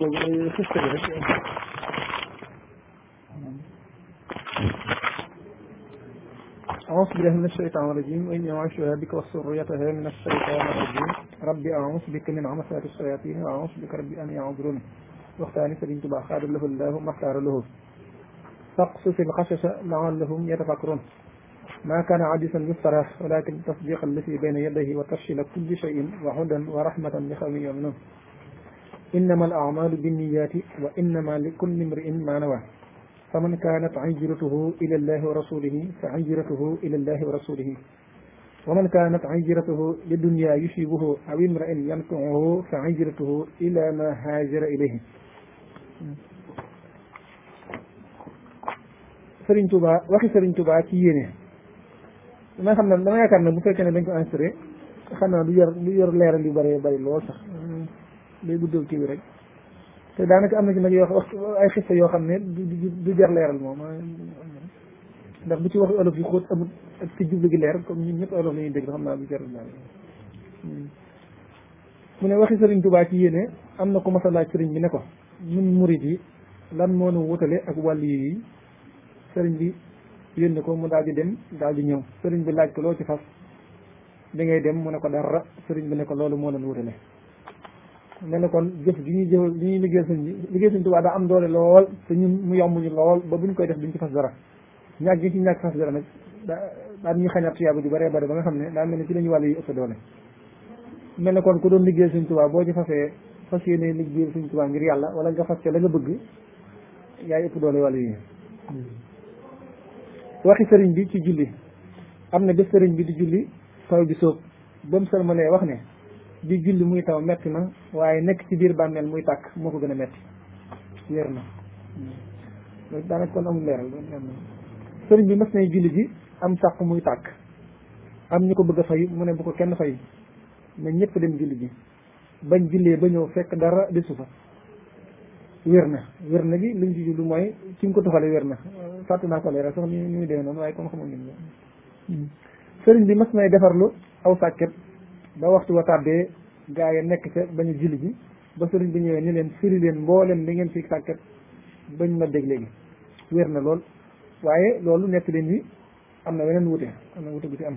Well, uh, just a minute. أعوذ بالله من الشيطان الرجيم وإني أعيشها بك وسريتها من الشيطان الرجيم ربي أعوذ بك من عمسات الشياطين وأعوذ بك ربي أن يعذرون واختاني سبيل تبع خير له الله ما اختار له فاقصص القصص لعلهم يتفكرون ما كان عاجزا يفترى ولكن تصديق الذي بين يديه وتفصيل كل شيء وهدى ورحمة لقوم يؤمنون innama al amalu binniyaati wa innama li kulli mriin ma nawa fa man kaanat hijratuhu ila allahi wa rasulihi fa hijratuhu ila allahi wa rasulihi wa man kaanat hijratuhu li dunya yusibuhu aw imrain yanfauhu fa hijratuhu ila ma haajara ilayhi Sëriñ Tuba waxi Sëriñ Tuba ci yéene dama xam ne dama yaakaar ne bu fekkee ne dañ ko inspiré xam naa du yor du yor leeral yu bëree bëri lool sax day doo kii bi rek te daanaka am na ci nag yoo ay xista yoo xam ne du du jar leeral moom ndax bu ci wax olof yu xóot amul ak ci jublu gi leer comme ñun ñëpp olof la ñuy dégg xam naa bu jar naa mu ne waxi sëriñ Tuubaa ci yéene am na ko mas laaj sëriñ bi ne ko ñun murit yi lan moo nu wutale ak wàllu yi sëriñ bi yónni ko mu daal di dem daal di ñëw sëriñ bi laaj ko loo ci fas da ngay dem mu ne ko dara sëriñ bi ne ko loolu moo leen wutale nga ne kon jëf li ñuy jëf li ñuy liggéey sëñ bi liggéey sëñ Tuubaa am doole lool te ñun mu yomb lool ba buñ koy def duñ ci fas dara ñàkk gi ci ñàkk fas dara nag daa daan ñuy xañat tuyaaba ju bëree bëri ba nga xam ne daa mel ne ci lañu yi ëpp doole mel ne ku doon liggéey sëñ Tuubaa boo ci fasee fas yéene liggéey sëñ Tuubaa ngir yàlla wala nga fas ca la bëgg yaay ëpp doole wàll waxi sëriñ bi ci julli am na bés sëriñ bi di julli taw bi sóob ba mu sëlmalee wax ne di julli muy taw na waaye nekk ci biir bàmmeel muy tàkk moo ko gën a metti wér na loolu daanaka kon amul leeral sëriñ bi mas nay julli ji am sàq muy tàkk am ñu ko bëgg a fayu mu ne bu ko kenn fayu ne ñëpp dem julli ji bañ jullee ba ñëw fekk dara desu fa wér na wér na gi li ñu ci jublu mooy ci ko tuxale wér na fàtte naa ko leeral sax ni ñu demee noonu waaye comme xamoon nañ sëriñ bi mas nay defarlu aw sàkket ba waxtu wa tàbbee gaa yi nekk ca bañ a julli ba sëriñ bi ñëwee ni leen firi leen mboolem li ngeen fi sàkket bañ ma dégg léegi wér na lool waaye loolu nekk leen bi am na weneen wute am na wute bu ci am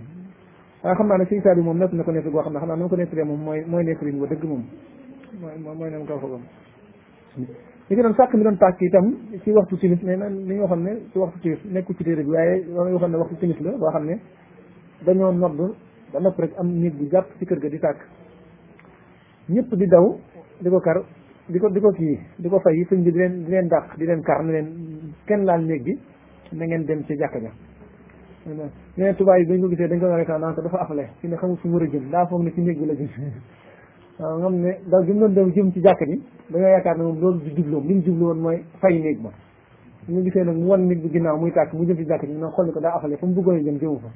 waaye xam naa ne sëriñ Saaliw moom nett na ko nett xam ne xam naa na ma ko nettalee moom mooy mooy nekk leen wa dëgg moom mooy mooy nam kaw foogam li ko doon sàkk mi doon tàkk itam ci waxtu timis mais na li ñu xam ne ci waxtu timis nekku ci téere bi waaye loolu waxoon ne waxtu timis la boo xam ne dañoo nodd ba nopp rek am nit bu jàpp ci kër ga di tàkk ñëpp di daw di ko kar di ko di ko kii di ko fay sëñ bi di leen di leen di leen kar ne leen ken laal néeg bi na ngeen dem ci jàkka ja ñeneen tubaab yi dañ ko gisee dañ ko reetaan naan ko dafa afale fi ne xamul fu mu war a jëm daa foog ne ci néeg bi la jëm nga xam ne daw gi mu doon dem jëm ci jàkka ji dañoo yaakaar ne moom loolu di jubloom li mu jublu woon mooy fay néeg ba ñu gisee nag mu wan néeg bi ginnaaw mu jëm ci jàkka ji nag xool ko daa afale fa mu bëggoon a jëm jëmu fa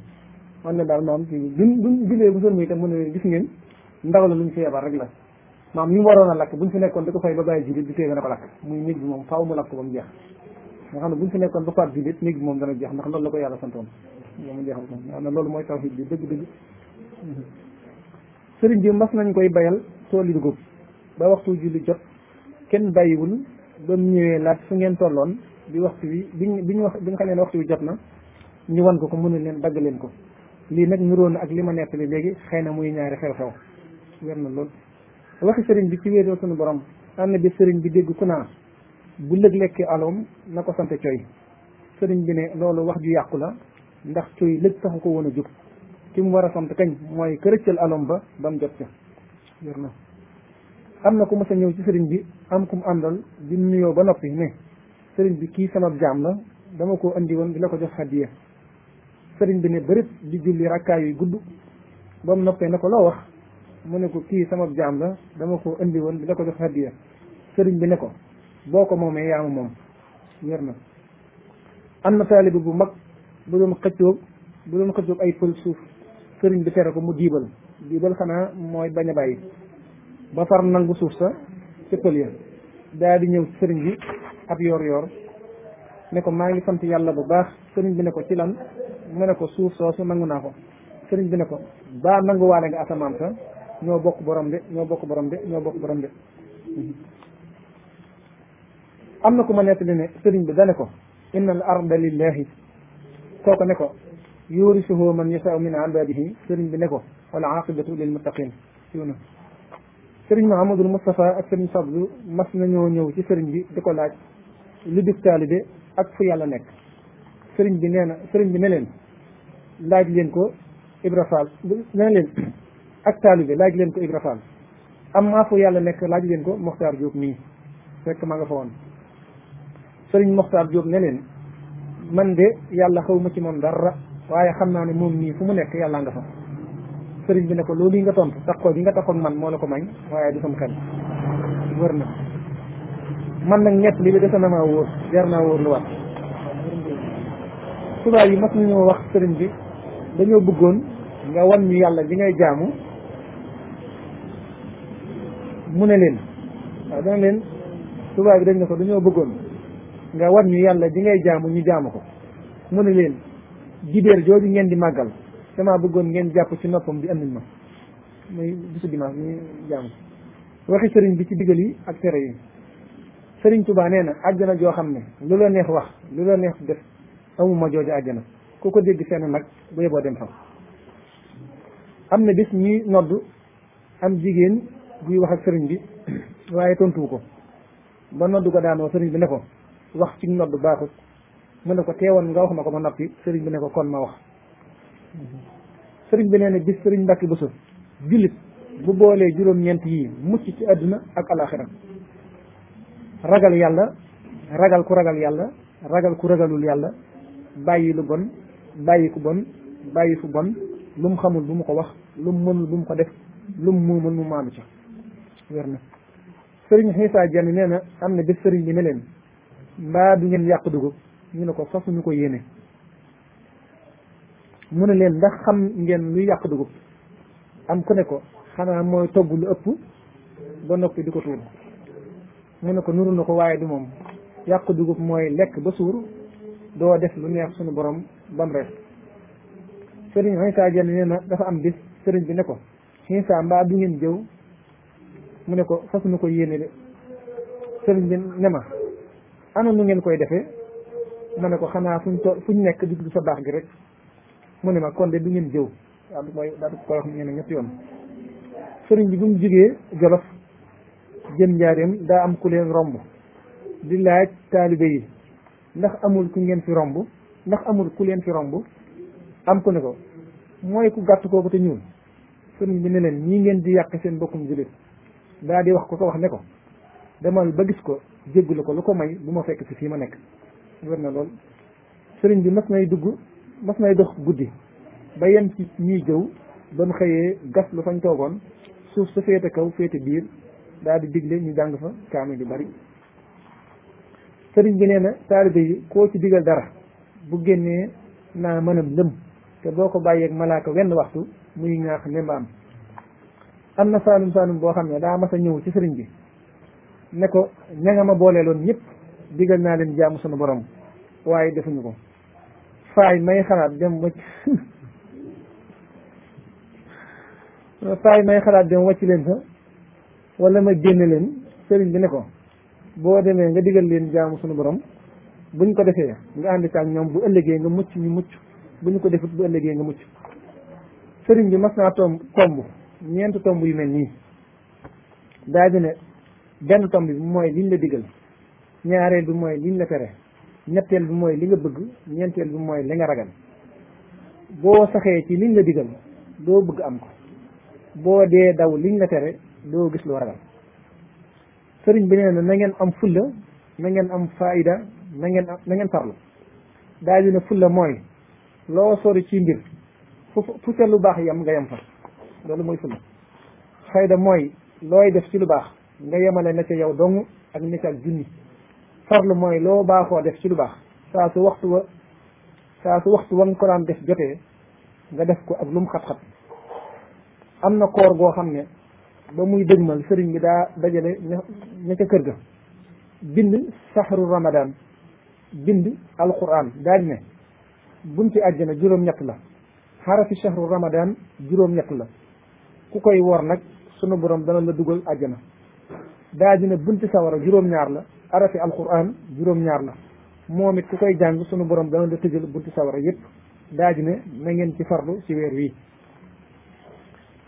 man ne daal maam ci buñ buñ julee bu son muy tam mën ne gis ngeen ndaw la lu ñu fi yebal rek la maam ñu waroon a lakk buñ fi nekkoon di ko fay ba bàyyi jullit du tee dana ko lakk muy néeg bi moom mu lakk ba mu jeex nga xam ne buñ fi nekkoon ba faat jullit néeg bi moom dana jeex ndax loolu la ko yàlla santoon moom jeexal moom nga xam ne loolu mooy tawhid bi dëgg-dëgg sëriñ bi mas nañ koy bayal tool yi dugub ba waxtu julli jot kenn bàyyiwul ba mu ñëwee laaj fu ngeen tolloon bi waxtu bi biñ biñ wax bi nga xam ne waxtu bi jot na ñu wan ko ko mënul leen dagg leen ko lii nag niroon na ak li ma nettali léegi xëy na muy ñaari xew-xew wér na lool waxi sëriñ bi ci wéeroo sunu borom am na bi sëriñ bi dégg ku naa bu lëg lekkee aloom na ko sant coy sëriñ bi ne loolu wax ju yàqu la ndax coy lëg taxu ko woon a jóg ki mu war a sant kañ mooy kërëccal aloom ba ba mu jot ca am na ku mës ñëw ci sëriñ bi am ku mu àndal bi mu nuyoo ba noppi ne sëriñ bi kii sama jaam la dama ko andi woon di la ko jox xaddiya sëriñ bi ne bërit di julli rakkaa yuy gudd ba noppee na ko loo wax mu ne ko kii sama jaam la dama ko indi woon di la ko jox hadiya sëriñ bi ne ko boo ko moomee yaa moom wér na am na taalibe bu mag bu doon xëccoog bu doon xëccoog ay pël suuf sëriñ bi tere ko mu diibal diibal xanaa mooy bañ a bàyyi ba far nangu suuf sa ca pël ya daa di ñëw sëriñ bi ab yoor yoor ne ko maa ngi sant yàlla bu baax sëriñ bi ne ko ci lan mu ne ko suuf soosu nangu naa ko sëriñ bi ne ko baa nanguwaale nga asamaan sa ñoo bokk borom de ñoo bokk borom de ñoo bokk borom de am na ko ma nettali ne sëriñ bi dane ko inna al arda lillahi kooku ne ko yurisuhu man yasau min ibadihi sëriñ bi ne ko wal aqibatu lil muttaqin yuna sëriñ Mahamadul Moustapha ak sëriñ Sabdu mas nañoo ñëw ci sëriñ bi di ko laaj lu dikk taalibe ak fu yàlla nekk sëriñ bi nee na sëriñ bi ne leen laaj leen ko Ibra Fall ne leen ak taalibe laaj leen ko Ibra Fall am maa fu yàlla nekk laaj leen ko Moxtaar Diop mii fekk ma nga fa woon Sëriñ Moxtaar Diop ne leen man de yàlla xaw ma ci moom dara waaye xam naa ne moom nii fu mu nekk yàlla nga fa sëriñ bi ne ko loolu yi nga tontu taxoo bi nga taxoon man moo la ko mañ waaye du sam xel wër na man nag ñett li bi dese na maa wóor jar naa wóor lu wax tubaab yi mas nañoo wax sëriñ bi dañoo bëggoon nga wan ñu yàlla di ngay jaamu mu ne leen waaw dana leen tubaab bi dañ ne ko dañoo bëggoon nga war ñu yàlla di ngay jaamu ñu jaamu ko mu ne leen dibéer jooju ngeen di màggal damaa bëggoon ngeen jàpp ci noppam bi andil ma muy bisu dimanche ñu jaamu waxi sëriñ bi ci digal yi ak tere yi sëriñ Tuubaa nee na àjjana joo xam ne lu la neex wax lu la neex def amuma jooju àjjana ku ko dégg seen nag bu yeboo dem fa am na bis ñuy nodd am jigéen buy wax ak sëriñ bi waaye tontuwu ko ba noddu ko daanoo sëriñ bi ne ko wax ci noddu baaxut mu ne ko teewoon nga wax ma ko ma noppi sëriñ bi ne ko kon ma wax sëriñ bi nee na bis sëriñ Mbàkke Buso jullit bu boolee juróom-ñeent yi mucc ci àdduna ak alaxira ragal yàlla ragal ku ragal yàlla ragal ku ragalul yàlla bàyyi lu bon bàyyi ku bon bàyyi fu bon lu mu xamul bu mu ko wax lu mu mënul bu mu ko def lu mu muumul mu maanu ca wér na sëriñ Xiisa Jeen nee na am na bés sëriñ bi ne leen mbaa bi ngeen yàq dugub ñu ne ko fasuñu ko yéene mu ne leen ndax xam ngeen luy yàq dugub am ku ne ko xanaa mooy togg lu ëpp ba noppi di ko tuur mu ne ko nuru na ko waaye du moom yàq dugub mooy lekk ba suur doo def lu neex suñu borom bam rees sëriñ Xiisa Jeen nee na dafa am bés sëriñ bi ne ko Xiisa mbaa du ngeen jëw mu ne ko fas nu ko yéene de sëriñ bi ne ma ana nu ngeen koy defee ma ne ko xanaa fuñ to fuñ nekk di sa baax gi rek mu ne ma kon de du ngeen jëw daal du mooy daal du koy mu ne ñetti yoon sëriñ bi bu mu jógee jolof jëm njaareem daa am ku leen romb di laaj taalibe ndax amul ku ngeen fi romb ndax amul ku leen fi romb am ku ne ko mooy ku gàtt kooku te ñuul sëriñ bi ne leen ñii ngeen di yàq seen bokkum jullit daa di wax ko ko wax ne ko demal ba gis ko jégglu ko lu ko may bu ma fekk si fii ma nekk wér na lool sëriñ bi mas nay dugg mas nay dox guddi ba yem ci ñiy jëw ba mu xëyee gas lu fañ toogoon suuf sa féete kaw féete biir daal di digle ñu jàng fa kaamil yu bari sëriñ bi nee na taalibe yi koo ci digal dara bu génnee naa mënam lëm te boo ko bàyyeeg malaaka wenn waxtu muy ñaax nembaam am na saalum saalum boo xam ne daa mas a ñëw ci sëriñ bi ne ko ña ma ma booleeloon ñëpp digal naa leen jaamu sunu borom waaye defuñu ko faay may xalaat dem wacc faay may xalaat dem wacc leen sa wala ma génne leen sëriñ bi ne ko boo demee nga digal leen jaamu sunu borom buñ ko defee nga ànd ak ñoom bu ëllëgee nga mucc ñu mucc bu ñu ko defut bu ëllëgee nga mucc sëriñ bi mas naa tomb tomb ñeenti tomb yu mel nii daal di ne benn tomb bi mooy liñ la digal ñaareel bi mooy liñ la tere ñetteel bi mooy li nga bëgg ñeenteel bi mooy li nga ragal boo saxee ci liñ la digal doo bëgg am ko boo dee daw liñ la tere doo gis loo ragal sëriñ bi nee na na am fulla na ngeen am faayida nangeen ngeen na ngeen farlu daal di ne fulla mooy loo sori ci mbir fu fu ca lu baax yam nga yam fa loolu mooy sunna fayda mooy looy def ci lu baax nga yemale na ca yow dong ak na ca ak junni farlu mooy loo baaxoo def ci lu baax saa su waxtu wa saa su waxtu wa nga ko daan def jotee nga def ko ak lum xat-xat am na koor goo xam ne ba muy dëgmal sëriñ bi daa dajale ña ca kër ga bind saxru ramadan bind alquran daal ne bunti àjjana juróom-ñett la xarafi saxru ramadan juróom-ñett la ku koy wor nag sunu borom dana la dugal àjjana daa dina bunti sawara juróom-ñaar la arafi alquran juróom-ñaar la moom it ku koy jàng sunu borom dana la tëjal bunti sawara yépp daa dina na ngeen ci farlu ci weer wii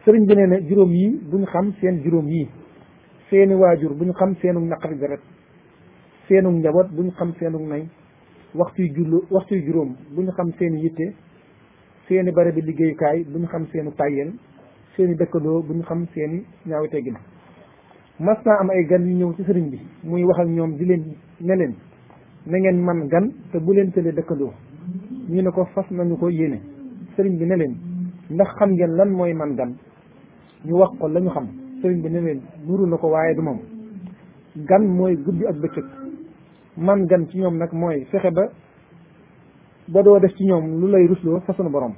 sëriñ bi nee na juróom yi buñ xam seen juróom yi seeni waajur buñ xam seenu naqari deret seenu njaboot buñ xam seenu nay waxtuy jullu waxtuy juróom buñ xam seen yitte seeni bi liggéeyukaay buñ xam seenu tàyyeel seen i dëkkandoo bu ñu xam seen i ñaawi teggin mas naa am ay gan yu ñëw ci sëriñ bi muy wax ak ñoom di leen ne leen na ngeen man gan te bu leen tëlee dëkkandoo ñu ne ko fas nañu ko yéene sëriñ bi ne leen ndax xam ngeen lan mooy man gan ñu wax ko la ñu xam sëriñ bi ne leen nuru na ko waaye du moom gan mooy guddi ak bëccëg man gan ci ñoom nag mooy fexe ba ba doo def ci ñoom lu lay rusloo fa sunu borom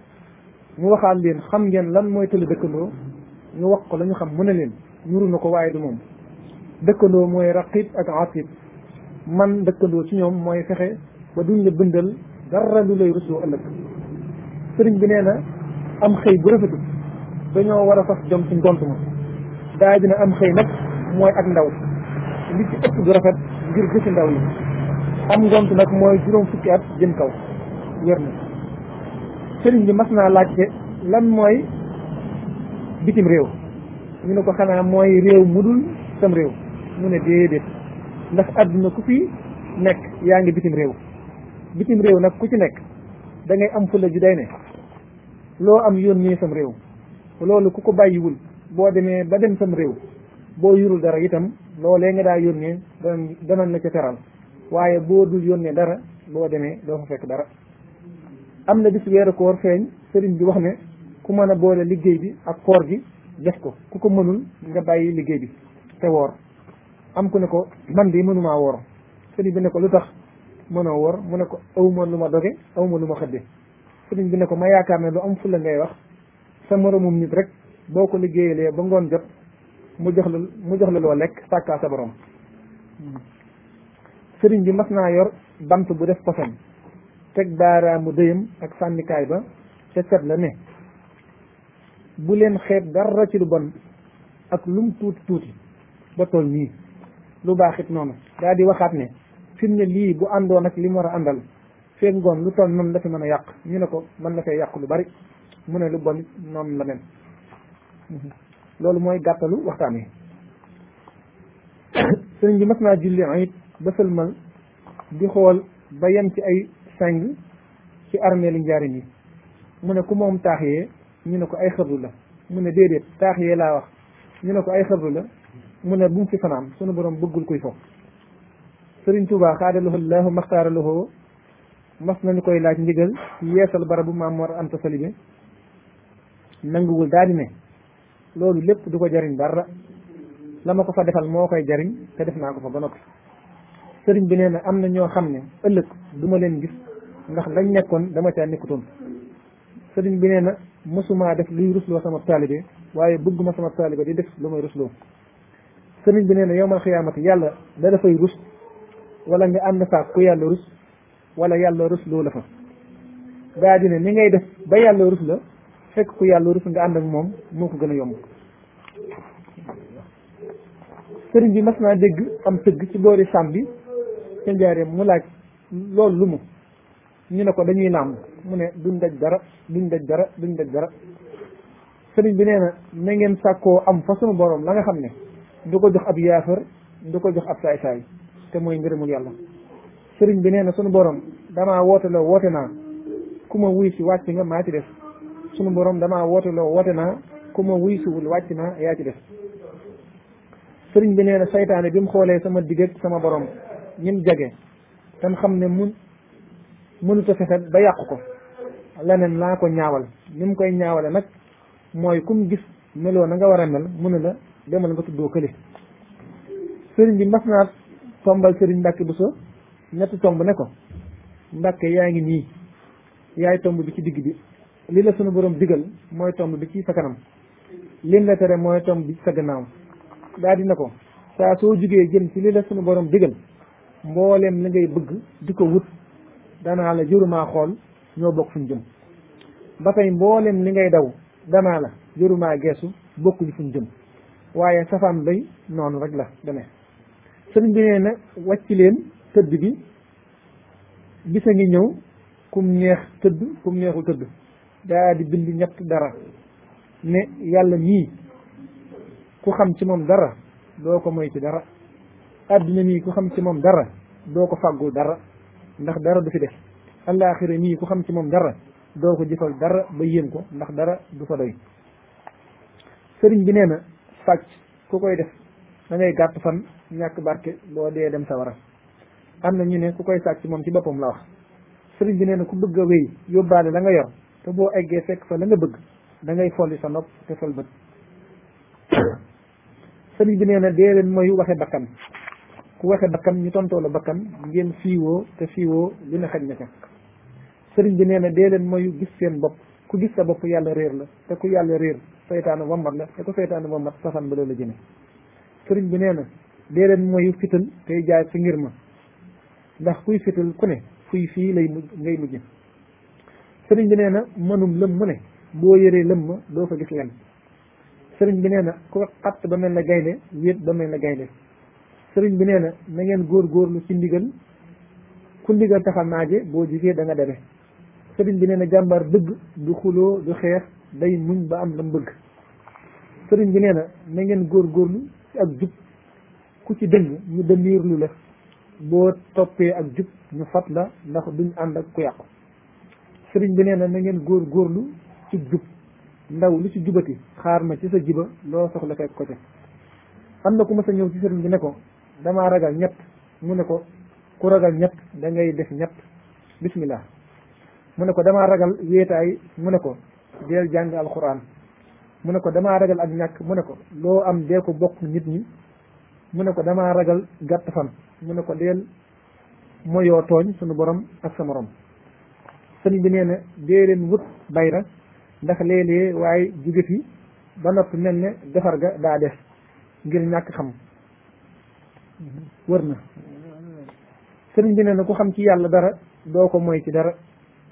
ñu waxaat leen xam ngeen lan mooy tële dëkkandoo ñu wax ko la ñu xam mën a leen ñuru na ko waaye du moom dëkkandoo mooy raqib ak atib man dëkkandoo ci ñoom mooy fexe ba duñ la bindal dara lu lay rusoo ëllëg sëriñ bi nee na am xëy bu rafetul dañoo war a fas jom ci ngont ma daa dina am xëy nag mooy ak ndaw li ci ëpp du rafet ngir gësi ndaw yi am ngont nag mooy juróom fukki at jëm kaw wér na sëriñ bi mas naa laajte lan mooy bitim réew ñu ne ko xanaa mooy réew mu dul sam réew mu ne déedéet ndax àdduna ku fi nekk yaa ngi bitim réew bitim réew nag ku ci nekk dangay am fulla ju day ne loo am yoon ñii sam réew loolu ku ko bàyyiwul boo demee ba dem sam réew boo yurul dara itam loolee nga daa yónnee danañ danañ la ca teral waaye boo dul yónnee dara boo demee doo fa fekk dara am na bis weeru koor feeñ sëriñ bi wax ne ku mën a boole liggéey bi ak koor gi def ko ku ko mënul nga bàyyi liggéey bi te woor am ku ne ko man di mënuma woor sëriñ bi ne ko lu tax mënoo woor mu ne ko awma lu ma doge awma lu ma xëdde sëriñ bi ne ko ma yaakaar ne lu am fulla ngay wax sa moromum nit rek boo ko liggéeyalee ba ngoon jot mu jox la mu jox la loo lekk sàkkaa sa boroom hmm. sëriñ bi mas naa yor bant bu def posen teg baaraamu dëyam ak sànnikaay ba ca cat la ne bu leen xeeb dara ci lu bon ak lum tuuti tuuti ba toll nii lu baax it noonu daa di waxaat ne fi mu ne lii bu àndoon ak li mu war a àndal feeg ngoon lu toll noonu la fi mën a yàq ñu ne ko man na fee yàq lu bari mu ne lu bon it noonu la mel loolu mooy gàttalu waxtaan yi sëriñ bi mas naa julli it ba sëlmal di xool ba yem ci ay sàng ci armeelu njaarim yi mu ne ku moom taax yee ñu ne ko ay xëbru la mu ne déedéet taax laa wax ñu ne ko ay xëbru la mu ne bu mu fi fanaan sunu borom bëggul kuy foofu sëriñ Tuubaa xaadalahu laahu maxtaaralahu mas ñu koy laaj ndigal ci yeesal bu maam Mor Anta Sali bi nanguwul daal ne loolu lépp du ko jariñ dara la ma ko fa defal moo koy jariñ te def naa ko fa ba noppi sëriñ bi nee na am na ñoo xam ne ëllëg duma leen gis ndax lañ nekkoon dama caa nekkutoon sëriñ bi nee na mësumaa def luy rusloo sama taalibe waaye bëgguma sama taalibe di def lu may rusloo sëriñ bi nee na yowmal xiyaamati yàlla da dafay rus wala nga ànd faak ku yàlla rus wala yàlla rus la fa gaa ni ngay def ba yàlla rus la fekk ku yàlla rus nga ànd ak moom moo ko gën a yomb sëriñ bi mas naa dégg am tëgg ci boori sàmm bi ca mu laaj loolu lu mu ñu ne ko dañuy nàmb mu ne duñ daj dara duñ daj dara duñ daj dara sëriñ bi nee na na ngeen sàkkoo am fa sunu borom la nga xam ne du ko jox ab yaafar du ko jox ab saay-saay te mooy ngërëmul yàlla sëriñ bi nee na sunu borom damaa woote loo woote naa ku ma wuy si wàcc nga maa ci def sunu borom damaa woote woote naa ku ma wuy wàcc naa yaa ci def sëriñ bi nee na saytaane bi mu xoolee sama digg ak sama borom ñim jage tam xam ne mun mënut a fexe ba yàqu ko leneen laa ko ñaawal ni mu koy ñaawale nag mooy kum gis meloo na nga war a mel ne la demal nga tuddoo kële sëriñ bi mas naa tombal sëriñ Mbàkke Buso ñetti tomb ne ko Mbàkke yaa ngi nii yaay tomb bi ci digg bi lii la sunu borom digal mooy tomb bi ci sa kanam lim la tere mooy tomb bi ci sa gannaaw daa dina ko saa soo jugee jëm ci li la sunu borom digal mboolem la ngay bëgg di ko wut danaa la jurumaa xool ñoo bokk fuñ jëm ba tey mboolem li ngay daw danaa la jurumaa geesu bokkuñu fuñ jëm waaye safaan bay noonu rek la demee sëriñ bi nee na wàcc leen tëdd bi bisa ngi ñëw kum neex tëdd kum neexul tëdd daa di bind ñett dara ne yàlla mii ku xam ci moom dara doo ko moy ci dara àddina mii ku xam ci moom dara doo ko fàggul dara ndax dara du fi def alaaxira nii ku xam ci moom dara doo ko jëfal dara ba yéem ko ndax dara du fa doy sëriñ bi nee na sàcc ku koy def dangay ngay gàtt fan ñàkk barke boo dee dem sawara am na ñu ne ku koy sàcc moom ci boppam la wax sëriñ bi nee na ku bëgg a wéy yóbbaale la nga yor te boo eggee fekk fa la nga bëgg da ngay folli sa nopp te fol bët sëriñ bi nee na dee leen mooy waxe bakkan waxe bakkan ñu tontoo la bakkan ngeen fiiwoo te fiiwoo lu ne xaj na ca sëriñ bi nee na dee leen mooy gis seen bopp ku gis sa bopp yàlla réer la te ku yàlla réer seytaane wammat la te ku seytaane wammat safan ba la jëme sëriñ bi nee na dee leen mooy fital tey jaay ci ngir ma ndax kuy fital ku ne fuy fii lay mujj ngay mujj sëriñ bi nee na mënum lëm mu ne boo yëree lëm ma doo fa gis lenn sëriñ bi nee na ku xatt ba mel na gaynde wéet ba mel na gaynde sëriñ bi nee na na ngeen góor góorlu ci ndigal ku ndigal tax a naaje boo jugee da nga deme sëriñ bi nee na jàmbaar dëgg du xuloo du xeex day muñ ba am la mu bëgg sëriñ bi nee na na ngeen góor góorlu ci ak jub ku ci dëng ñu demiirlu la boo toppee ak jub ñu fat la ndax duñ ànd ak ku yàqu sëriñ bi nee na ngeen góor góorlu ci ndaw lu ci jubati xaar ma ci sa jiba loo soxla fekk ko ca am na ku ma sa ñëw ci sëriñ bi ne ko damaa ragal ñett mu ne ko ku ragal ñett da def ñett bismillah mu ne ko damaa ragal wéetaay mu ne ko deel jàng alquran mu ne ko damaa ragal ak ñàkk mu ne ko loo am dee ko bokk nit ñi mu ne ko damaa ragal gàtt fan mu ne ko deel moyoo tooñ sunu borom ak sa morom sëriñ bi nee na dee leen wut bayra ndax léeg waaye jóge fi ba nopp mel ne defar ga daa def ngir ñàkk xam wër na sëriñ bi ne na ku xam ci yàlla dara doo ko moy ci dara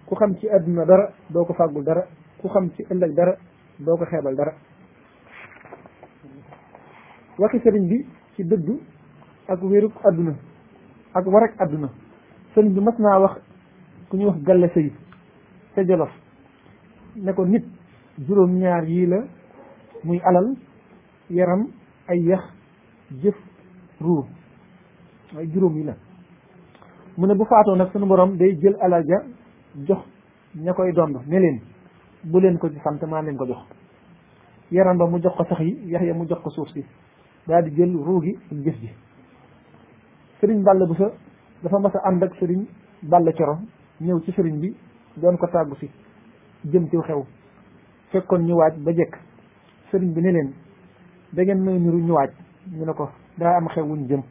ku xam ci adduna dara doo ko fàggul dara ku xam ci ëllëg dara doo ko xeebal dara waxi sëriñ bi ci dëddu ak wéruk àdduna ak warak adduna sëriñ bi mas naa wax ku ñuy wax galle sëy sa jolof ne ko nit juróom ñaar yii la muy alal yaram ay yax jëf ruur mooy juróom yi la mu ne bu faatoo nag sunu boroom day jël alal ja jox ña koy dond ne bu leen ko ci sant maa leen ko jox yaram ba mu jox ko sax yi yax ya mu jox ko suuf si daal di jël ruu gi ak jëf ji sëriñ bu sa dafa ànd ak sëriñ Balla Coro ñëw ci sëriñ bi doon ko tàggu si jëm ci xew fekkoon ñu waaj ba jekk sëriñ bi ne leen da ngeen may niru ñu waaj ñu ne ko daa am xew xewuñ jëm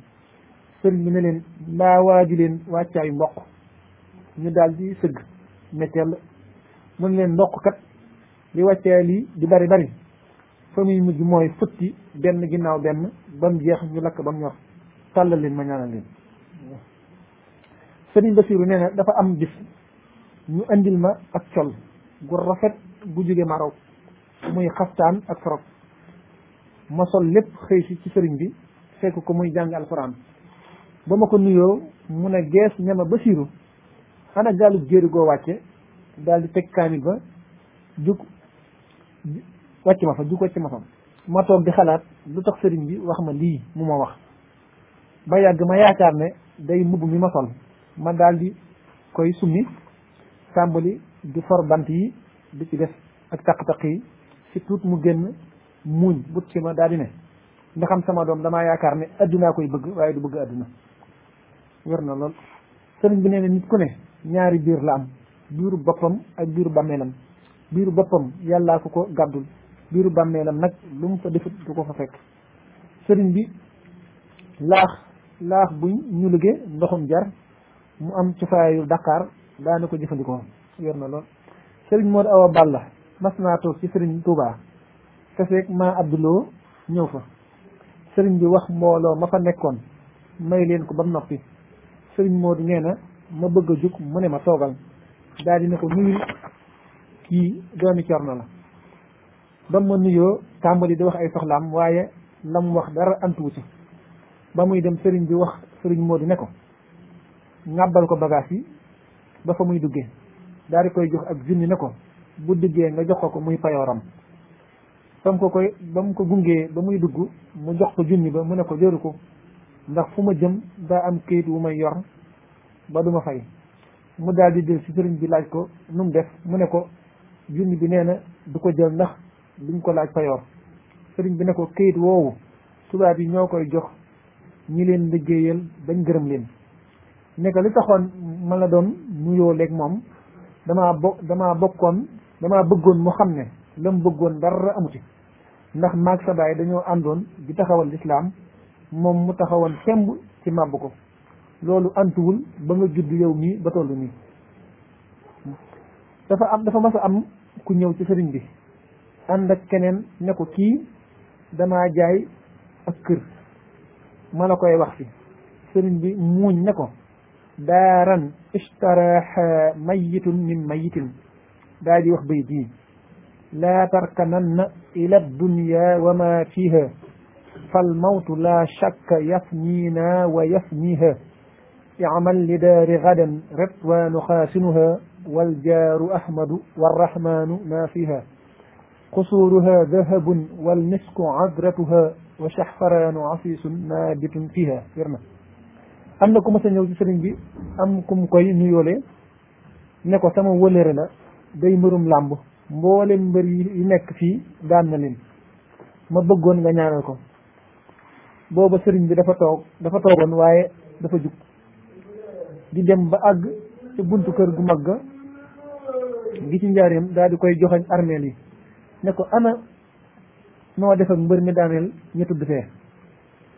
sëriñ bi ne leen naa waaji leen wàccaayu mboq ñu daal di sëgg metteel mun leen mboq kat li wàccee lii di bari bari fa muy mujj mooy futti benn ginnaaw benn ba mu jeex ñu lakk ba mu ñor tàllal leen ma ñaanal leen sëriñ Basiru nee na dafa am gis ñu andil ma ak col gu rafet gu jóge Maroc muy xaftaan ak sorog ma sol lépp xëy si ci sëriñ bi fekk ko muy jàng alxuraan ba ma ko nuyoo mu ne gees ñama basiru xanaa gaalub géeri goo wàcce daal di teg kaamil ba jug wàcc ma fa jug wàcc ma fa ma toog di xalaat lu tax sëriñ bi wax ma lii mu ma wax ba yàgg ma yaakaar ne day mbubb mi ma sol ma daal di koy summi tàmbali di for bant yi di ci def ak taq-taq yi si tuut mu génn muuñ but ci ma daal ne nga xam sama doom damaa yaakaar ne addunaa koy bëgg waaye du bëgg adduna wér na lool sëriñ bi nee na nit ku ne ñaari biir la am biiru boppam ak biiru bàmmeelam biiru boppam yàlla ko ko gàddul biiru bàmmeelam nag lu mu fa defut du ko fa fekk sëriñ bi laax laax bu ñu liggéey ndoxum jar mu am cufaayu Dakar daana ko jëfandikoo wér na lool sëriñ Modou Awa Balla mas naa toog ci sëriñ Touba kaseeg maa Abdouloo ñëw fa sëriñ bi wax mbooloo ma fa nekkoon may leen ko ba mu noppi sëriñ Modou nee na ma bëgg a jug mu ne ma toogal daal di ne ko nuyul kii doomi Cerno la ba ma nuyoo yi di wax ay soxlaam waaye la mu wax dara antuwu ci ba muy dem sëriñ bi wax sëriñ Modou ne ko ŋàbbal ko bagage yi ba fa muy duggee daal koy jox ak junni ne ko bu duggee nga jox ko ko muy payooram ba mu ko koy ba mu ko gungee ba muy dugg mu jox ko junni ba mu ne ko jëru ko ndax fu ma jëm daa am kayit wu may yor ba duma fay mu daal di jël si sëriñ bi laaj ko nu mu def mu ne ko junni bi nee na du ko jël ndax duñ ko laaj fa sëriñ bi ne ko kayit woowu tubaab yi ñoo koy jox ñi leen liggéeyal bañ gërëm leen ne ko taxoon ma la doon nuyoo léeg moom damaa bo damaa bokkoon damaa bëggoon mu xam ne lam bëggoon dara amu ci ndax maag sa dañoo àndoon di taxawal lislaam moom mu taxawoon temb ci màbb ko loolu antuwul ba nga judd yow mii ba toll nii dafa am dafa mas a am ku ñëw ci sëriñ bi ànd ak keneen ne ko kii damaa jaay ak kër ma la koy wax fi sëriñ bi muuñ ne ko daaran ishtaraha mayitun min mayitin daa di wax bay dii laa tarkananna ila dunya wa ma fiha fal mawtu laa shakka yafniina wa yafniha i'mal li daari gadan ritwaanu xaasinuha wal jaaru ahmadu warrahmaanu maa fiha qusuuruha dahabun wal misku adratuha wa shahfaraanu afiisun naabitun fiha wér na am na ku mas a ñëw ci sëriñ bi am kum koy nuyoolee ne ko sama wëlëre la day mbërum làmb mboolem mbër yi nekk fii daan na ma bëggoon nga ñaanal ko booba sëriñ bi dafa toog dafa toogoon waaye dafa jug di dem ba àgg ci buntu kër gu mag ga gi ci njaareem daal di koy joxañ armeel yi ne ko ana noo def ak mbër mi daaneel ñu tudd fee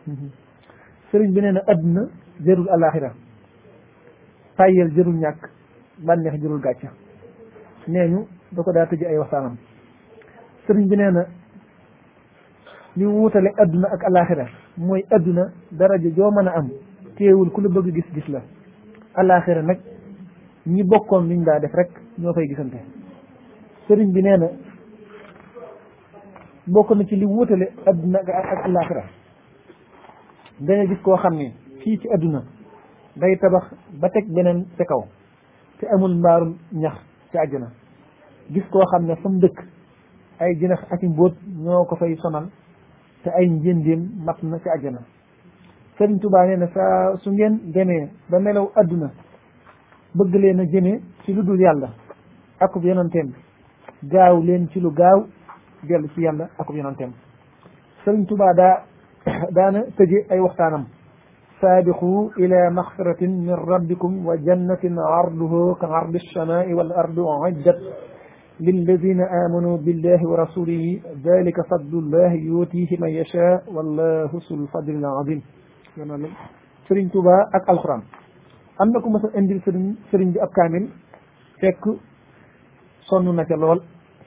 mhm. sëriñ bi nee na àdduna jërul alaaxira tàyyeel jërul ñàkk bànneex jërul gàcce nee ñu da ko daa tëj ay waxtaanam sëriñ bi nee na li wutale adduna ak alaxira mooy adduna daraja joo mën a am téewul ku la bëgg gis gis la alaxira nag ñi bokkoon liñ daa def rek ñoo koy gisante sëriñ bi nee na ci li wutale adduna ak alaxira danga gis koo xam ne fii ci adduna day tabax ba teg beneen ca kaw te amul mbaarum ñax ci na gis koo xam ne fa mu dëkk ay jinax ak i mbóot ñoo ko fay sonal te ay njëndéem mat na ci àjjana Sëriñ Tuubaa nee na saa su ba melaw adduna bëgg leen a ci lu dul yàlla akub yonanteem gaaw leen ci lu gaaw dellu ci yàlla akub yonanteem Sëriñ Tuubaa daa daana tëje ay waxtaanam saabiqu ila maxfiratin min rabbikum wa jannatin arduha ka ardi samaai wal ardi uiddat lilladina amanu billahi wa rasulihi dalika fadlullahi yuutihi man yasha wallahu sul fadlil azim sëriñ Tuuba ak alxuraan am na ku mas a indil sëriñ sëriñ bi ab kaamil fekk sonn na ca lool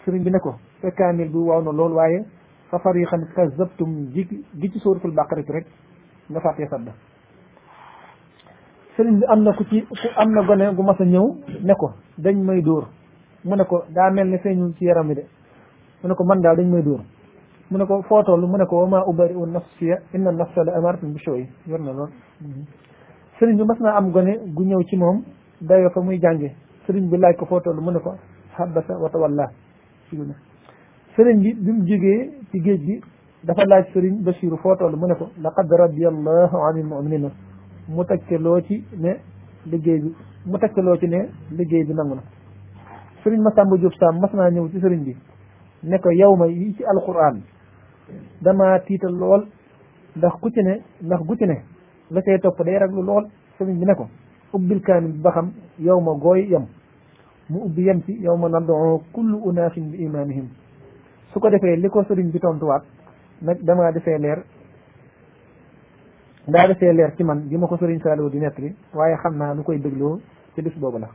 sëriñ bi ne ko fekk kaamil bi waaw na lool waaye fa fariqan kazabtum ji gi ci sóoratul bàqara rek nga fàttee sadda sëriñ bi am na ku ci ku am na gone gu mas a ñëw ne ko dañ may dóor mu ne ko daa mel ni feeñul ci yaram wi de mu ne ko man daal dañ may dóor mu ne ko foo toll mu ne ko wama ubari u nafsiya inna nafsa la amaratun bi shoyi yor na lool mhm. sëriñ bi mas naa am gone gu ñëw ci moom day fa muy jànge sëriñ bi laaj ko foo toll mu ne ko habasa wa tawalla bi bi géej gi dafa laaj sëriñ Basiru foo toll mu ne ko laqad radiyallahu anil muminina mu tegteloo ci ne liggéey bi mu tegteloo ci ne liggéey bi nangu na sëriñ Massamba Diop Sam mas naa ñëw ci sëriñ bi ne ko yow ma yi ci alquran damaa tiital lool ndax ku ci ne ndax gu ci ne la cay topp day rag lu lool sëriñ bi ne ko ubbil kaamil bi ba xam yow ma gooy yem mu ubbi yem ci yow ma nadoo kullu unaasin bi imaamihim su ko defee li ko sëriñ bi tontuwaat nag damaa defee leer daa defee leer ci man bi ma ko sëriñ Saliou di nettali waaye xam naa lu koy dégloo ci bis boobu la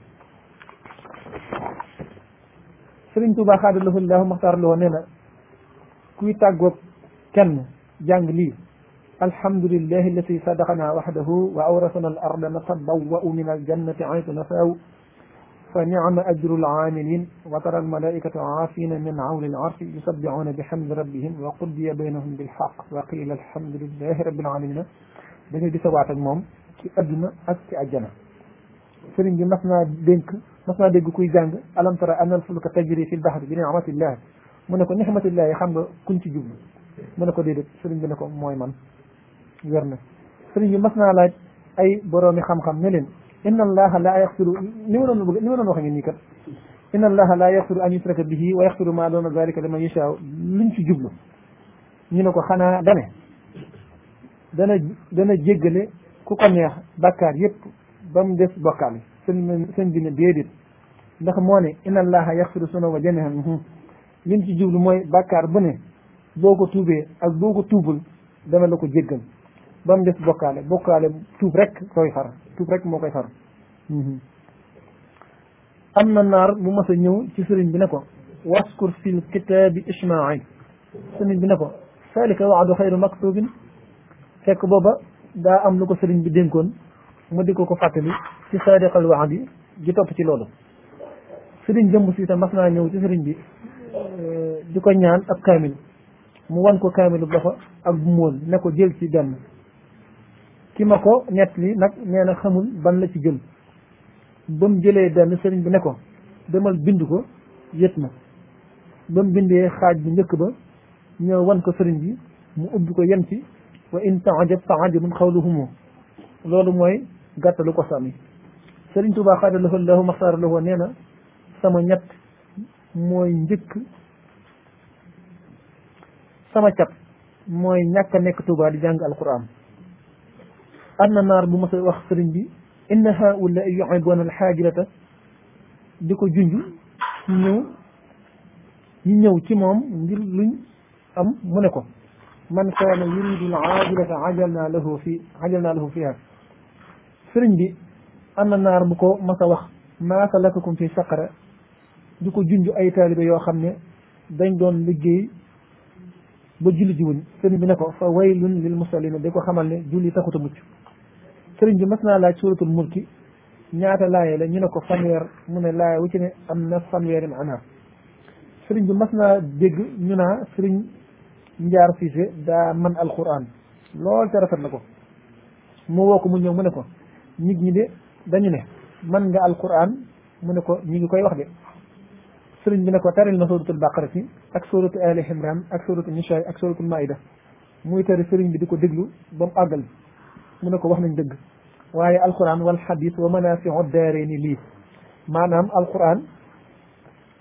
sëriñ Tuubaa xaadalahu llahu maxtaar loo nee na kuy tàggoog kenn jàng lii alhamdulillahi allati sadaqana waxdahu wa awrasana al arda natabawwa'u min aljannati aytu nasaaw fa nicma ajru alaamilin wa tara almalaikatu aafina min hawli alarshi yusabbihuuna bihamdi rabbihim wa qudiya baynahum bilxaq wa qiila alhamdulillahi rabbil aalamiin dañuy disawaat ak moom ci adduna ak ci àjjana sëriñ bi mas naa dénk mas naa dégg kuy jàng alam tara anna alfulka tajri fi lbahri bi ni'matillah mu ne ko ni'matillah xam nga kuñ ci jublu mu ne ko déedéet sëriñ bi ne ko mooy man wér na sëriñ bi mas naa laaj ay boroomi xam-xam ne leen inna allaha la yaxfiru ni ma doon bëgg ni ma doon wax ngeen nii kat inna allaha la yaxfiru an yusraka bihi wa ma doona zalika liman yashaa luñ ci jublu ñu ne ko xanaa dane dana dana jéggale neex bàkkaar yépp ba mu des bokkaale sëñ sëñ bi ne déedéet ndax moo ne inna allaha yaxfiru sunuba jamiihan ci jublu mooy bakkaar bu ne boo ko tuubee ak boo ko tuubul dama ko jéggal ba mu des bokkaale bokkaale tuub rek koy xar tuub rek moo koy xar am na naar bu mas a ñëw ci sëriñ bi ne ko waskur fil kitaabi ismail sëriñ bi ne ko salika waadu xayru maktubin fekk booba daa am lu ko sëriñ bi dénkoon ma di ko ko fàttali ci saadiqal wax bi di topp ci loolu sëriñ jëmb si itam naa ñëw ci sëriñ bi euh, di ko ñaan ak kaamil mu wan ko kaamilu loxo ak bu mool ne ko jël ci benn ki ma ko nett li nag nee na xamul ban la ci jël ba mu jëlee benn sëriñ bi ne ko demal bind ko yët ma ba mu bindee xaaj bu njëkk ba ñëw wan ko sëriñ bi mu ubbi ko yem ci wa in taajab fa ajabun xawluhumu loolu mooy gàttalu ko sàmmi Serigne Touba xaada lahu lahu maxtaara lahu nee na sama ñett mooy njëkk sama cat mooy ñàkk a nekk Touba di jàng alquran am na naar bu mos a wax sëriñ bi inna haula yuhibbuna alxaajirata di ko junj ñu ñëw ñu ñëw ci moom ngir luñ am mu ne ko man kaana yuridu alaajilata ajalna lahu fi ajalna lahu fiha sëriñ bi am na naar bu ko mas a wax maa salakakum fi saqara di ko junj ay taalibe yoo xam ne dañ doon liggéey ba julli ji wuñ sëriñ bi ne ko fa waylun lil musallina da ko xamal ne julli taxut a mucc sëriñ bi mas naa laaj suuratul mulki ñaata laaye la ñu ne ko fanweer mu ne laaye wu ci ne am na fanweeri maanaam sëriñ bi mas naa dégg ñu naa sëriñ njaar siise daa man alquran lool te rafet na ko mu woo ko mu ñëw mu ne ko nit ñi de dañu ne man nga alquran mu ne ko ñi ngi koy wax de sëriñ bi ne ko taril na suratul baqara ci ak suratu ali imran ak suratu nisa ak suratul maida muy tari sëriñ bi di ko déglu ba mu àggal mu ne ko wax nañ dëgg waaye alquran wal xadis wa manafiu ni lii maanaam alquran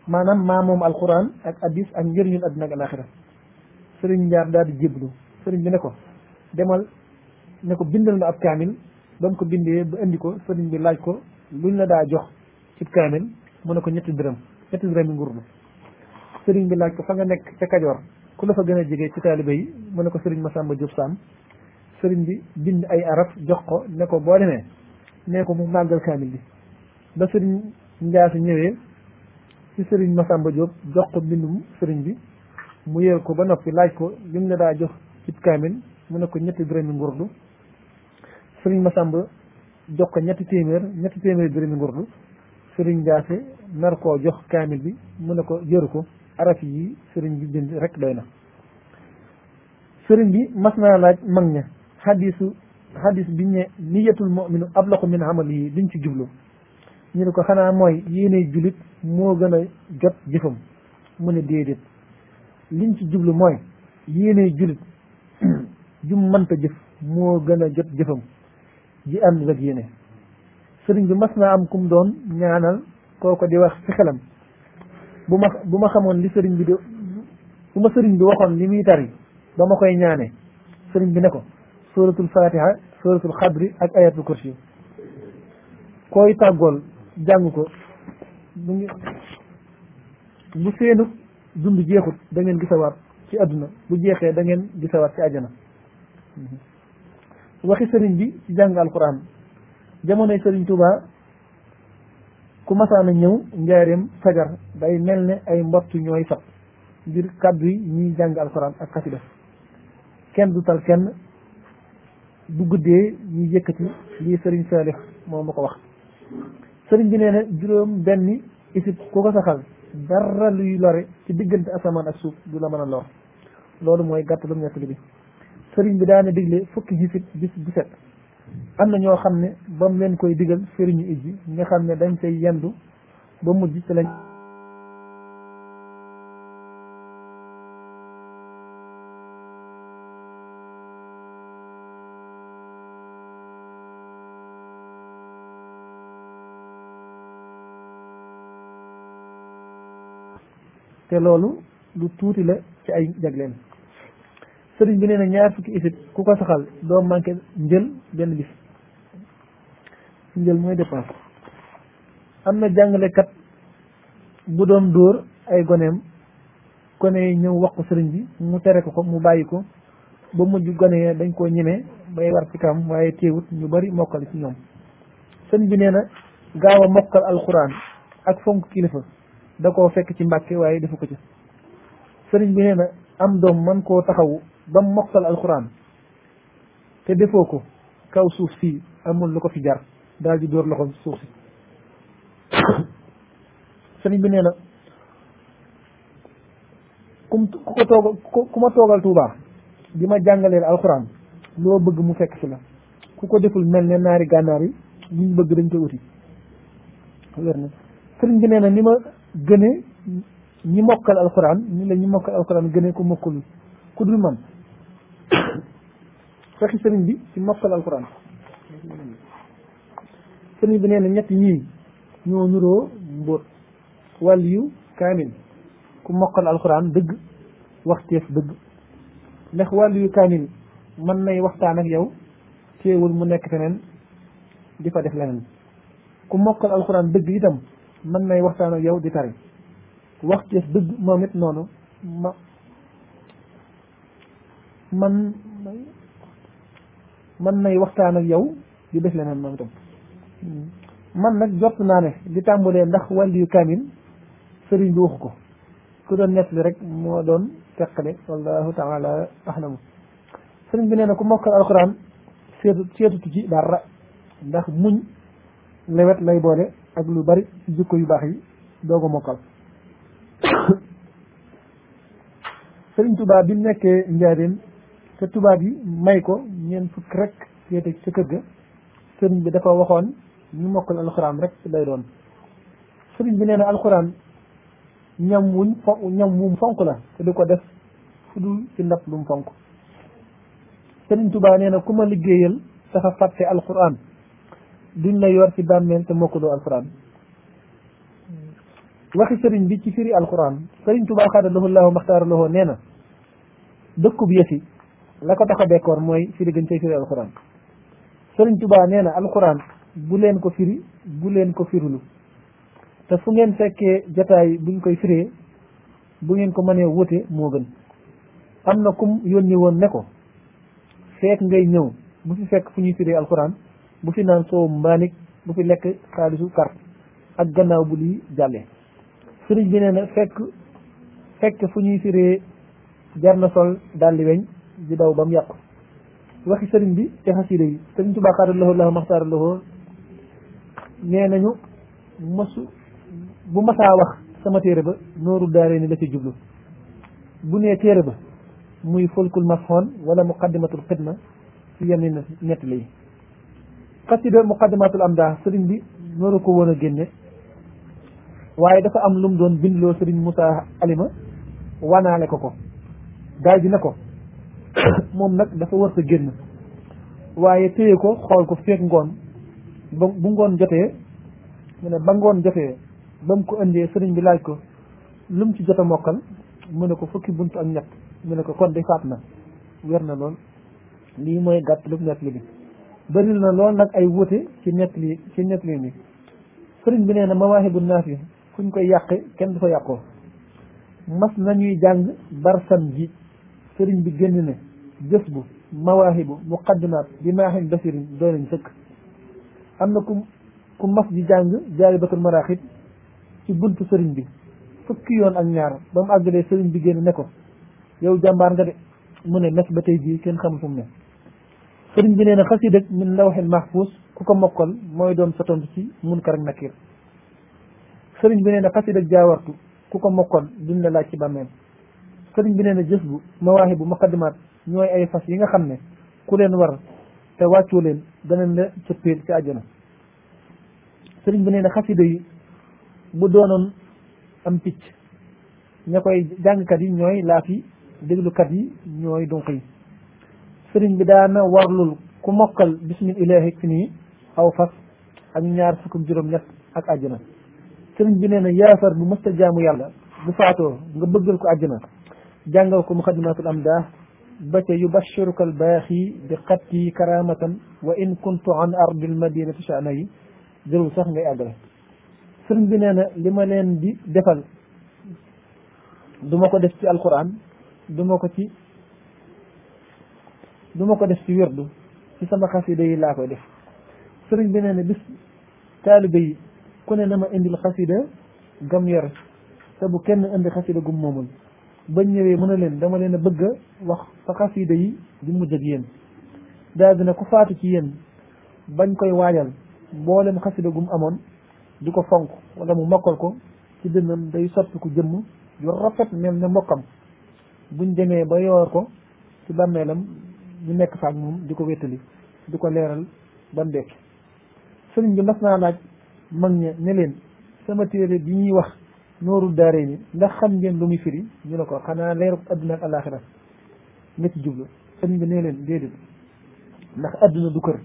maanaam maa moom alquran ak hadis ak njëriñul ak alaxira sëriñ njaar daal di jéblu sëriñ bi ne ko demal ne ko bindal ma ab kaamil ba ko bindee ba indi ko sëriñ bi laaj ko luñ la daa jox cib kaamil mu ne ko ñetti dërëm ñetti dërëm yi ngurdu sëriñ bi laaj ko fa nga nekk ca Kajoor ku la fa gën a jege ci taalibe yi mu ne ko sëriñ Masamba Diop Sam sëriñ bi bind ay arab jox ko ne ko boo demee nee ko mu màggal kaamil bi ba sëriñ Ndiass ñëwee ci sëriñ Masamba Diop jox ko bindum sëriñ bi mu yër ko ba noppi laaj ko lim la daa jox cib kaamil mu ne ko ñetti dërëm yi ngurdu sëriñ Masamba jox ko ñetti téeméer ñetti téeméer dërëmi ngurdu sëriñ Jaase nar koo jox kaamil bi mu ne ko jëru ko araf yi sëriñ bi bind rek doy na sëriñ bi mas naa laaj mag ña xadiisu xadis biñ ne niyatul mu'minu ablaqu min amali yi liñ ci jublu ñu ne ko xanaa mooy yéenay julit moo gën a jot jëfam mu ne déedéet liñ ci jublu mooy yéenay julit jum mënta jëf moo gën a jot jëfam ji àndul ak yéene sëriñ bi mas naa am kum doon ñaanal kooko di wax ci xelam bu ma bu ma xamoon li sëriñ bi di bu ma sëriñ bi waxoon li muy tari ba ma koy ñaane sëriñ bi ne ko suratul fatiha suratul xadri ak ayatul kursi koy tàggool jàng ko bu ngi bu seenu dund jeexut da ngeen gisawaat ci àdduna bu jeexee da ngeen gisawaat ci àjjana waxi sëriñ bi ci jàng alquran jamonoy sëriñ Touba ku masaan a ñëw njaareem fajar day mel ni ay mbott ñooy fat ngir kàddu yi ñuy jàng alquran ak xasida kenn du tal kenn bu guddee ñuy yëkkati lii sëriñ Salih moom ma ko wax sëriñ bi nee na juróom benn isib ku ko saxal dara luy lore ci diggante asamaan ak suuf du la mën a lor loolu mooy gàttalu ñett bi sëriñ bi daana digle fukki xisit bis bu set am na ñoo xam ne ba mu leen koy digal sëriñu it bi nga xam ne dañ say yendu ba mujj ci lañ te loolu lu tuuti la ci ay jagleen sëriñ bi nee na ñaar fukki isit ku ko saxal doo manqué njël benn bis njël mooy dépense am na jàngalekat bu doom dóor ay goneem gone yi ñëw wax ko sëriñ bi mu tere ko ko mu bàyyi ko ba mujj gone dañ koo ñemee bay war ci waaye teewut ñu bari mokkal ci ñoom sëriñ bi nee na gaaw a mokkal alxuraan ak fonk kilifa da koo fekk ci mbàkke waaye defu ko ci sëriñ bi nee na am doom man koo taxawu ba mokkal alquran te defoo ko kaw suuf si amul lu ko fi jar daal di dóor loxoom suuf si sëriñ bi nee na kum ku ko toogal ku ma toogal tuubaa di ma jàngaleel alquran loo bëgg mu fekk si la ku ko deful mel ne naari gànnaar yi ñu bëgg dañ koy uti wér na bi nee na ni ma gëne ñi mokkal alquran ni la ñi mokkal alquran gëne ko mokkalu ku dul man waxi sëriñ bi ci mokkal alquran sëriñ bi nee ñett yii ñoo nuroo mbóot wàll kaamil ku mokkal alquran dëgg waxteef dëgg ndax wàll yu kaamil mën nay waxtaan ak yow teewul mu nekk feneen di fa def leneen ku mokkal alquran dëgg itam mën nay waxtaan ak yow di tari waxteef dëgg moom it noonu man man nay waxtaan ak yow di def leneen moom itam man nag jot naa ne di tàmbalee ndax wàllu yu kaamil sëriñ bi waxu ko ku doon nett li rek moo doon teqale wallahu taala ahlamu sëriñ bi nee na ku mokkal alquran seetu seetutu ci dara ndax muñ lewet lay boole ak lu bari ci yu baax yi doog a mokkal sëriñ Tuubaa bi nekkee njaareem te tubaab yi may ko ñeent fukk rek féete ca kër ga sëriñ bi dafa waxoon ñu mokkal alxuraan rek lay doon sëriñ bi nee na alxuraan ñam wuñ fo ñam wum fonk la te di ko def fu dul ci ndab lu mu fonk sëriñ tubaa nee ku ma liggéeyal dafa fàtte alxuraan duñ la yor ci bàmmeel te mokkuloo alxuraan waxi sëriñ bi ci firi alxuraan sëriñ tubaa xaada lahu llahu maxtaara lahu nee na dëkkub yëfi la ko tax a bekkoor mooy firi gën cay firi alxuraan Sëriñ nee na alxuraan bu leen ko firi bu leen ko firulu te fu ngeen fekkee jataay buñ koy firee bu ngeen ko mënee wute moo gën am na kum yónni woon ne ko feek ngay ñëw bu fi fekk fu ñuy firee alxuraan bu fi naan soow mbaanik bu fi lekk xaalisu carte ak gannaaw bu lii jàllee sëriñ bi nee na fekk fu ñuy firee jar na sol daldi weñ di daw ba mu yàqu waxi sëriñ bi te xasida yi sëriñ Tuubaa xaada loxo maxtaara loxo nee nañu mosu bu masaa wax sama téere ba nooru daare ni la ci jublu bu nee téere ba muy fulkul mafhon wala muqaddimatul xidma ci yenn ñett lay xasida muqaddimatul amda sëriñ bi nooru ko woon a génne waaye dafa am lu mu doon bindloo sëriñ Moussa Alima wanaale ko ko daal di na ko moom nag dafa war sa génn waaye téye ko xool ko feeg ngoon ba bu ngoon jotee mu ne ba ngoon jotee ba mu ko indee sëriñ bi laaj ko lu mu ci jot a mokkal mu ne ko fukki bunt ak ñett mu ne ko kon di faat na wér na lool lii mooy gàtt lu ñett li bi bëri na lool nag ay wuute ci ñett li ci ñett li bi sëriñ bi nee na mawaahibu naafi fu ñu koy yàqee kenn du fa yàqoo mas ñuy jàng barsam ji sëriñ bi génn ne jës bu mawaahibu muqaddimaat bi maaxin basirin doy nañ sëkk am na ku ku mas di jàng jaalibatul maraaxib ci buntu sëriñ bi fukki yoon ak ñaar ba mu àggalee sëriñ bi génn ne ko yow jàmbaar nga de mu ne mes ba tey jii kenn xamul fu mu ne sëriñ bi nee na xasida min lawxil ku ko mokkal mooy doon sotontu ci munkar ak nakir sëriñ na xasida jaawartu ku ko mokkal duñ la laaj ci bàmmeel sëriñ bi nee na jës bu mawaahibu muqaddimaat ñooy ay fas yi nga xam ne ku leen war te wàccoo leen danañ la cëppeel ci àjjana sëriñ bi nee na xasida yi bu doonoon am picc ña koy jàngkat yi ñooy laaf yi déglukat yi ñooy dunq yi sëriñ bi daana warlul ku mokkal bismillahi fi nii aw fas ak ñaar fukkum juróom ñett ak na sëriñ bi nee na yaafar bu mësta jaamu yàlla bu faatoo nga bëggal ko àjjana jàngal ko muxadimatul am daa bate ca yubashiruka albaaxi bi xatti karamatan wa in kuntu an ardil madinati shana yi jërul sax ngay àggale sëriñ bi nee li ma leen di defal du ma ko def ci alquran du ma ko ci du ma ko def ci wirdu ci sama xasida yi laa koy def sëriñ bi nee na bis taalibe yi ku ne na ma indil xasida gam yor te bu kenn indi xasida gum bañ ñëwee mën a leen dama leen a bëgg wax sa xasida yi di mujj ak yéen daal dina ku faatu ci yéen bañ koy waajal mboolem xasida gum amoon di ko fonk wala mu mokkal ko ci dënnam day soppi ku jëmm yu rafet mel ne mbokkam buñ demee ba yoor ko ci bàmmeelam ñu nekk faak moom di ko wéttali di ko leeral ban dekk sëriñ bi mas naa laaj mag ña ne leen sama téere bi ñuy wax nooru daare ni ndax xam ngeen lu muy firi ñu ne ko xanaa leerub adduna ak alaxira nga ci jublu sëñ bi leen déedéet ndax adduna du kër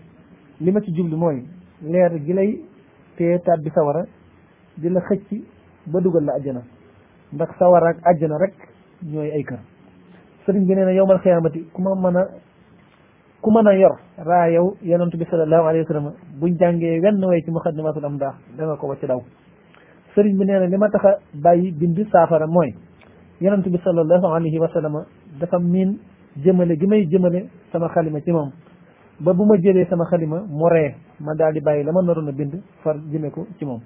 li ma ci jublu mooy leer gilay lay tee tàbbi sawara di la xëcc ba dugal la àjjana ndax sawara ak àjjana rek ñooy ay kër sëriñ bi nee na yowmal xiyaamati ku ma mën a ku mën a yor raa yow yonent bi sallallahu alayhi wa sallam buñ jàngee wenn way ci muxaddimatul am daax da ko wàcc daw sëriñ bi nee na li ma tax a bàyyi bind saafara mooy yonent bi sallallahu alayhi wa sallam dafa miin jëmale gi may jëmale sama xalima ci moom ba bu ma jëlee sama xalima mu ma daal di bàyyi la ma naroon a bind far jëme ko ci moom.